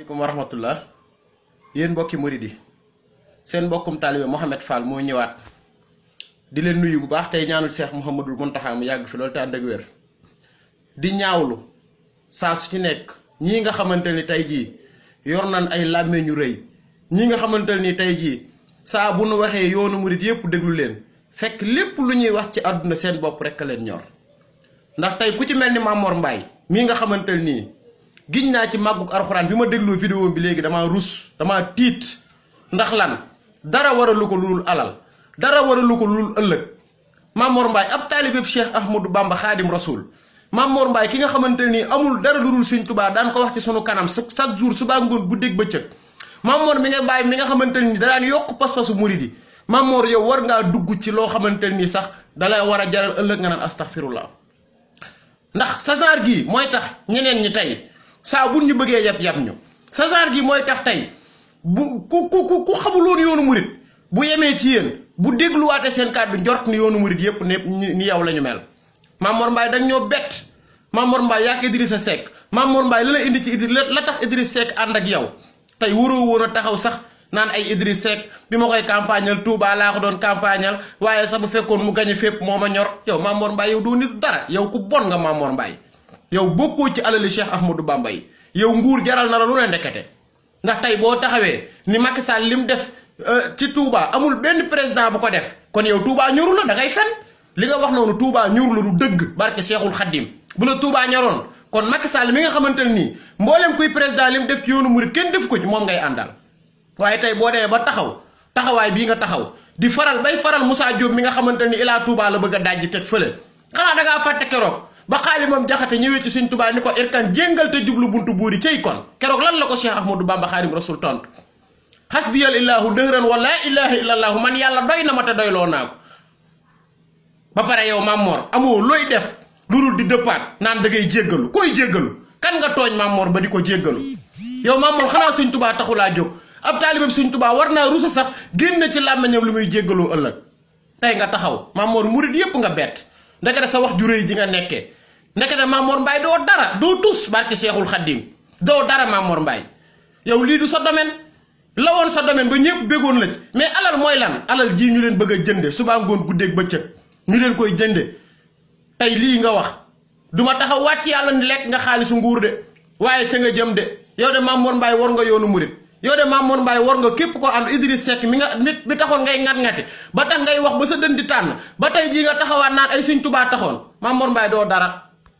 aleykum ma rahmatullah yéen mbokki murid yi seen mbokkum taalibe Mouhamed fal moo ñëwaat di leen nuyu bu baax tey ñaanul Cheikh Mouhamadul Mountakha mu yàgg fi loolu te ànd ak wér di ñaawlu saa su ci nekk ñi nga xamante ni tey jii yor nañ ay làmmee ñu rëy ñi nga xamante ni tey jii saa bu nu waxee yoonu murid yépp déglu leen fekk lépp lu ñuy wax ci àdduna seen bopp rekk a leen ñor ndax tey ku ci mel ni Mamor Mbaye mii nga xamante nii giñ naa ci màggug arxuraan bi ma déglu vidéo bi léegi damaa rus damaa tiit ndax lan dara waralu ko lulul alal dara waralu ko lulul ëllëg Mamor Mbaye ab taalibeb Cheikh Ahmadou Bamba xaadim rasul Mamor Mbaye ki nga xamante nii amul dara lulul Sëñ Tuubaa daan ko wax ci suñu kanam chaque jour subaa ngoon guddeeg bëccëg mamoor mi nga bàyyi mi nga xamante ni daan yokk pas-pasu murid yi Mamor yow war ngaa dugg ci loo xamante nii sax dalay war a jaral ëllëg nga naan astaxfirullah ndax sa genre gii mooy tax ñeneen ñi tey saa bu ñu bëggee yab yab ñu sasaar gi mooy tax tey bu ku ku ku xamuloon yoonu murit bu yemee ci yéen bu dégluwaate seen bi njort ni yoonu murit yépp ne ni yow la ñu mel Mamor mbaay dañ ñoo bett Mamor Mbaye yaa ngi Idrissa Seck Mamor Mbaye la indi ci Idrissa la tax Idrissa Seck ànd yow tey waroo woon a taxaw sax naan ay Idrissa bi ma koy campagnal Touba laa ko doon campagnal waaye sax bu fekkoon mu gañe fépp moo ma ñor yow Mamor Mbaye yow doo nit dara yow ku bon nga Mamor Mbaye yow bokkoo ci alali Cheikh Ahmadou Bamba yi yow nguur jaral na la lu ne ndekete ndax tey boo taxawee ni Macky Sall li mu def euh, ci Touba amul benn président bu ko def kon yow Touba ñorul la da ngay fen li nga wax noonu Touba ñorul la du dëgg barke Cheikhul Khadim bu la Touba ñoroon kon Macky Sall mi nga xamante ne nii mboolem kuy président li mu def ci yoonu murid kenn def ko ci moom ngay àndal waaye tey boo demee ba taxaw taxawaay bii nga taxaw di faral bay faral musaa Diop mi nga xamante ni ilaa Touba la bëgg a dajji teg fële xanaa da fàtte keroog ba xaali moom jaxate ñëwee ci sëñ touba ni ko irkan jengal te djublu buntu buri cey kon kérok lan la ko cheikh ahmadou bamba xaadim rasul tont hasbi illahu dehran wa la ilaha allah man yalla doyna ma te ba pare yow mamor amu loy def lurul di depart nan dagay koi jéggalu koy jéggalu kan nga mam mamor ba di ko jéggalu yow mamor xanaa sëñ tubaa taxulaa djok ab taalibab sëñ touba warna rousa sax jegelu ci làmmañam lu muy nga taxaw mamor mourid yep nga bet ndaka sa wax ju ji nga nekkate Mamor mbaay doo dara doo tus barki Seexul Xaddim doo dara Mamor mbaay yow lii du sa domaine la woon sa domaine ba ñëpp béggoon la ci mais alal mooy lan alal jii ñu leen bëgg a jënde subaa ngoon ba bëccëg ñu leen koy jënde tey lii nga wax duma taxaw wàcc yàlla ni lekk nga xaalisu nguur de waaye ca nga jëm de yow de Mamor Mbaye war nga yoonu murit yow de Mamour Mbaye war nga képp ko ànd Idriss Seck mi nga nit bi taxoon ngay ngat-ngati ba tax ngay wax ba sa dënd di tànn ba tey jii nga taxawaat naan ay Sëñ Tuubaa taxoon Mamour Mbaye doo dara